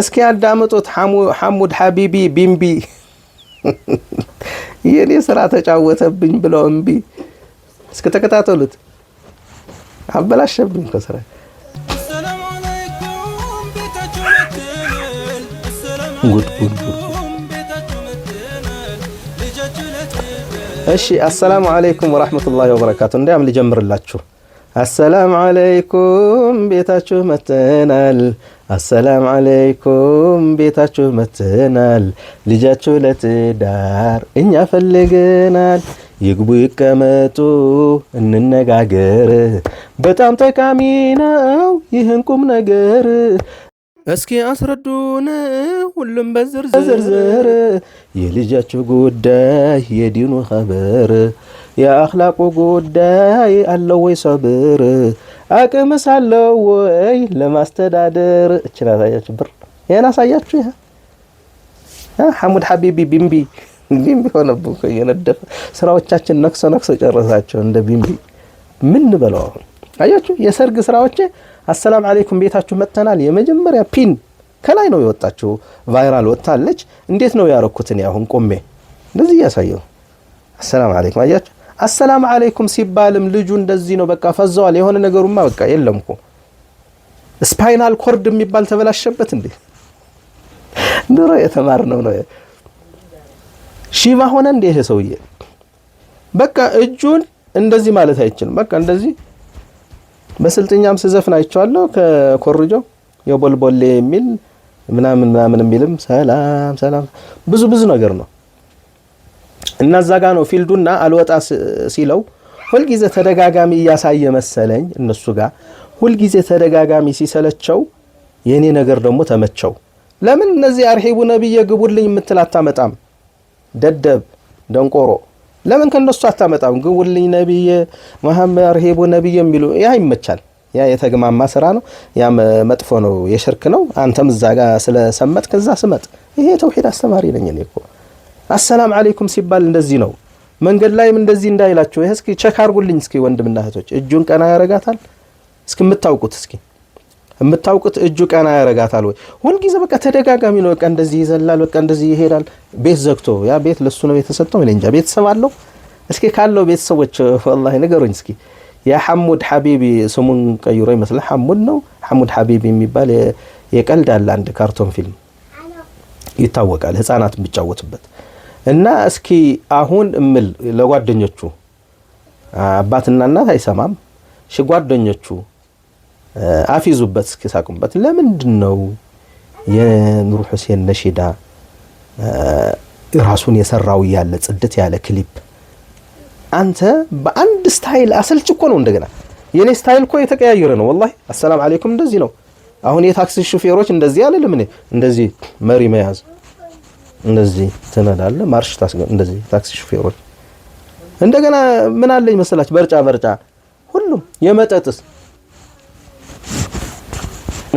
እስኪ ያዳምጡት። ሐሙድ ሀቢቢ ቢምቢ የኔ ስራ ተጫወተብኝ ብለው እምቢ። እስኪ ተከታተሉት። አበላሸብኝ ከስራ እሺ፣ አሰላሙ አለይኩም ወራህመቱላሂ ወበረካቱ። እንዲያም ልጀምርላችሁ አሰላም አለይኩም ቤታችሁ መጥተናል። አሰላም አለይኩም ቤታችሁ መጥተናል። ልጃችሁ ለትዳር እኛ ፈልገናል። ይግቡ ይቀመጡ እንነጋገር። በጣም ጠቃሚ ነው ይህን ቁም ነገር እስኪ አስረዱን ሁሉም በዝርዝር የልጃችሁ ጉዳይ የዲኑ ኸበር የአኽላቁ ጉዳይ አለው ወይ ሰብር አቅምስ አለው ወይ ለማስተዳደር? እችን አሳያችሁ፣ ብር ይህን አሳያችሁ። ይህ ሐሙድ ሐቢቢ ቢምቢ ቢምቢ ሆነብን እኮ ስራዎቻችን ነክሶ ነክሶ ጨረሳቸው። እንደ ቢምቢ ምን በለው አያችሁ። የሰርግ ስራዎቼ አሰላም አሌይኩም ቤታችሁ መጥተናል። የመጀመሪያ ፒን ከላይ ነው የወጣችሁ፣ ቫይራል ወጥታለች። እንዴት ነው ያረኩትን? ያሁን ቆሜ እንደዚህ እያሳየው አሰላም አሌይኩም አያችሁ አሰላም አለይኩም ሲባልም ልጁ እንደዚህ ነው በቃ ፈዘዋል። የሆነ ነገሩማ በቃ የለም እኮ ስፓይናል ኮርድ የሚባል ተበላሸበት እንዴ! ድሮ የተማርነው ነው። ሺባ ሆነ እንዴ ይሄ ሰውዬ። በቃ እጁን እንደዚህ ማለት አይችልም። በቃ እንደዚህ በስልጥኛም ስዘፍን አይቼዋለሁ። ከኮርጆ የቦልቦሌ የሚል ምናምን ምናምን የሚልም ሰላም ሰላም ብዙ ብዙ ነገር ነው እና እዛ ጋ ነው ፊልዱና አልወጣ ሲለው ሁልጊዜ ተደጋጋሚ እያሳየ መሰለኝ እነሱ ጋር ሁልጊዜ ተደጋጋሚ ሲሰለቸው የእኔ ነገር ደግሞ ተመቸው። ለምን እነዚህ አርሂቡ ነቢየ ግቡልኝ የምትል አታመጣም? ደደብ ደንቆሮ ለምን ከነሱ አታመጣም? ግቡልኝ ነቢየ መሐመድ አርሂቡ ነቢየ የሚሉ ያ ይመቻል። ያ የተግማማ ስራ ነው። ያ መጥፎ ነው፣ የሽርክ ነው። አንተም እዛ ጋር ስለሰመጥ ከዛ ስመጥ። ይሄ የተውሂድ አስተማሪ ነኝ እኔ እኮ አሰላም አለይኩም ሲባል እንደዚህ ነው። መንገድ ላይም እንደዚህ እንዳይላቸው እስኪ ቸክ አርጉልኝ እስኪ ወንድምና እህቶች፣ እጁን ቀና ያረጋታል እስኪ የምታውቁት እስኪ የምታውቁት እጁ ቀና ያረጋታል ወይ? ሁልጊዜ በቃ ተደጋጋሚ ነው። በቃ እንደዚህ ይዘላል፣ በቃ እንደዚህ ይሄዳል። ቤት ዘግቶ ያ ቤት ለሱ ነው የተሰጠው። እኔ እንጃ ቤተሰብ አለው። እስኪ ካለው ቤተሰቦች ወላሂ ንገሩኝ እስኪ። የሐሙድ ሐቢቢ ስሙን ቀይሮ ይመስላል ሐሙድ ነው ሐሙድ ሐቢቢ የሚባል የቀልድ አለ አንድ ካርቶን ፊልም ይታወቃል፣ ህፃናት የሚጫወቱበት እና እስኪ አሁን እምል ለጓደኞቹ አባትና እናት አይሰማም። ሽ ጓደኞቹ አፊዙበት፣ እስኪ ሳቁበት። ለምንድን ነው የኑር ሁሴን ነሺዳ ራሱን የሰራው እያለ ጽድት ያለ ክሊፕ አንተ በአንድ ስታይል አሰልች እኮ ነው። እንደገና የኔ ስታይል እኮ የተቀያየረ ነው። ወላሂ አሰላም አለይኩም እንደዚህ ነው። አሁን የታክሲ ሹፌሮች እንደዚህ አለ። ለምን እንደዚህ መሪ መያዝ እንደዚህ ትነዳለህ፣ ማርሽ ታስገ እንደዚህ ታክሲ ሹፌሮች። እንደገና ምን አለኝ መሰላችሁ? በርጫ በርጫ ሁሉም የመጠጥስ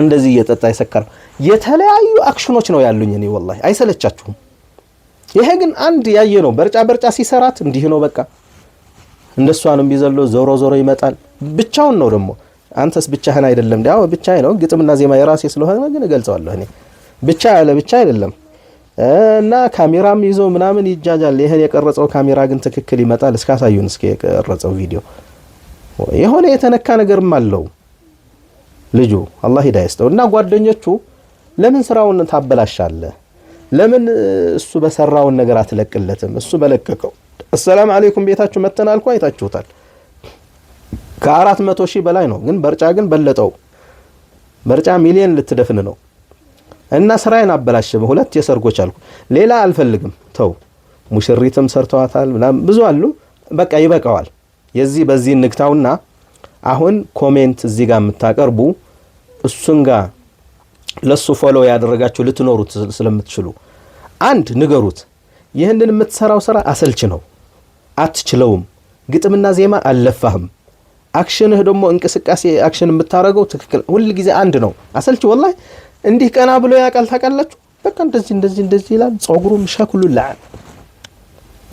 እንደዚህ እየጠጣ የሰከረ የተለያዩ አክሽኖች ነው ያሉኝ። እኔ ወላሂ አይሰለቻችሁም። ይሄ ግን አንድ ያየ ነው። በርጫ በርጫ ሲሰራት እንዲህ ነው በቃ እንደሷንም ቢዘሎ ዞሮ ዞሮ ይመጣል። ብቻውን ነው ደግሞ አንተስ ብቻህን አይደለም። ዳው ብቻዬ ነው ግጥምና ዜማ የራሴ ስለሆነ ግን እገልጸዋለሁ። እኔ ብቻ ያለ ብቻ አይደለም እና ካሜራም ይዞ ምናምን ይጃጃል። ይህን የቀረጸው ካሜራ ግን ትክክል ይመጣል። እስካሳዩን እስከ የቀረጸው ቪዲዮ የሆነ የተነካ ነገርም አለው ልጁ። አላህ ሂዳ ይስጠው። እና ጓደኞቹ ለምን ስራውን ታበላሻለህ? ለምን እሱ በሰራውን ነገር አትለቅለትም? እሱ በለቀቀው አሰላም አለይኩም ቤታችሁ መተናል እኮ አይታችሁታል። ከአራት መቶ ሺህ በላይ ነው። ግን በርጫ ግን በለጠው። በርጫ ሚሊየን ልትደፍን ነው። እና ስራዬን አበላሸበ። ሁለት የሰርጎች አልኩ። ሌላ አልፈልግም፣ ተው። ሙሽሪትም ሰርተዋታል ምናምን ብዙ አሉ። በቃ ይበቃዋል። የዚህ በዚህ ንግታውና አሁን ኮሜንት እዚህ ጋር የምታቀርቡ እሱን ጋር ለሱ ፎሎ ያደረጋችሁ ልትኖሩት ስለምትችሉ አንድ ንገሩት። ይህንን የምትሰራው ስራ አሰልች ነው፣ አትችለውም። ግጥምና ዜማ አልለፋህም። አክሽንህ ደግሞ እንቅስቃሴ አክሽን የምታደርገው ትክክል ሁል ጊዜ አንድ ነው። አሰልች ወላሂ እንዲህ ቀና ብሎ ያቀል ታውቃላችሁ። በቃ እንደዚህ እንደዚህ እንደዚህ ይላል። ጸጉሩም ሸክሉ ይልዓን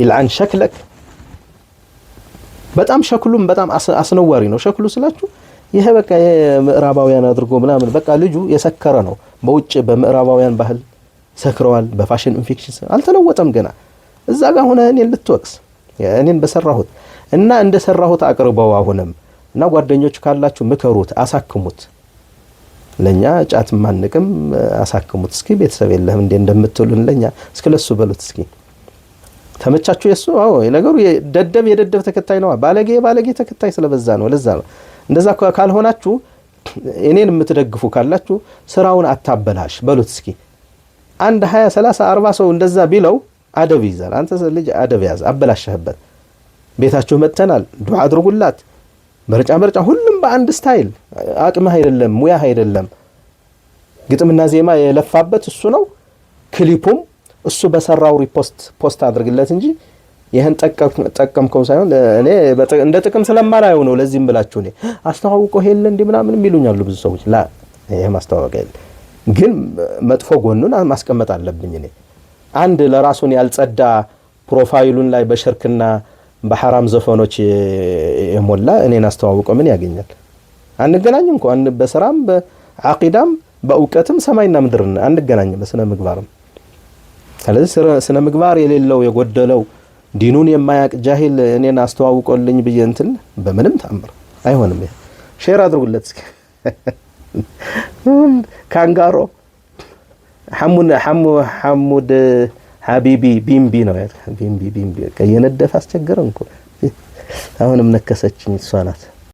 ይልዓን ሸክለክ በጣም ሸክሉም በጣም አስነዋሪ ነው። ሸክሉ ስላችሁ ይሄ በቃ የምዕራባውያን አድርጎ ምናምን በቃ ልጁ የሰከረ ነው። በውጭ በምዕራባውያን ባህል ሰክረዋል። በፋሽን ኢንፌክሽን አልተለወጠም ገና። እዛ ጋር ሆነ እኔን ልትወቅስ እኔን በሰራሁት እና እንደ ሰራሁት አቅርበው አሁንም እና ጓደኞች ካላችሁ ምከሩት፣ አሳክሙት። ለእኛ ጫት ማንቅም አሳክሙት እስኪ ቤተሰብ የለህም እንዴ እንደምትሉን ለእኛ እስኪ ለሱ በሉት እስኪ ተመቻችሁ የሱ አዎ ነገሩ ደደብ የደደብ ተከታይ ነዋ ባለጌ የባለጌ ተከታይ ስለበዛ ነው ለዛ ነው እንደዛ ካልሆናችሁ እኔን የምትደግፉ ካላችሁ ስራውን አታበላሽ በሉት እስኪ አንድ ሀያ ሰላሳ አርባ ሰው እንደዛ ቢለው አደብ ይዛል አንተ ልጅ አደብ ያዝ አበላሸህበት ቤታችሁ መጥተናል ዱዓ አድርጉላት መረጫ መረጫ ሁሉም በአንድ ስታይል አቅምህ አይደለም ሙያህ አይደለም። ግጥምና ዜማ የለፋበት እሱ ነው። ክሊፑም እሱ በሰራው ሪፖስት ፖስት አድርግለት እንጂ ይህን ጠቀምከው ሳይሆን እኔ እንደ ጥቅም ስለማላየው ነው። ለዚህም ብላችሁ እኔ አስተዋውቆ ሄለ እንዲህ ምናምን ይሉኛሉ ብዙ ሰዎች። ላ ይህ የለ ግን መጥፎ ጎኑን ማስቀመጥ አለብኝ እኔ አንድ ለራሱን ያልጸዳ ፕሮፋይሉን ላይ በሽርክና በሐራም ዘፈኖች የሞላ እኔን አስተዋውቆ ምን ያገኛል? አንገናኝ እንኳ በስራም በአቂዳም በእውቀትም ሰማይና ምድር አንገናኝም፣ በስነ ምግባርም። ስለዚህ ስነ ምግባር የሌለው የጎደለው ዲኑን የማያቅ ጃሂል እኔን አስተዋውቆልኝ ብዬ እንትን በምንም ታምር አይሆንም። ሼር አድርጉለት እስኪ ካንጋሮ ሐሙድ ሀቢቢ ቢምቢ ነው ቢምቢ ቢምቢ የነደፈ አስቸገረን እኮ አሁንም ነከሰችኝ እሷ ናት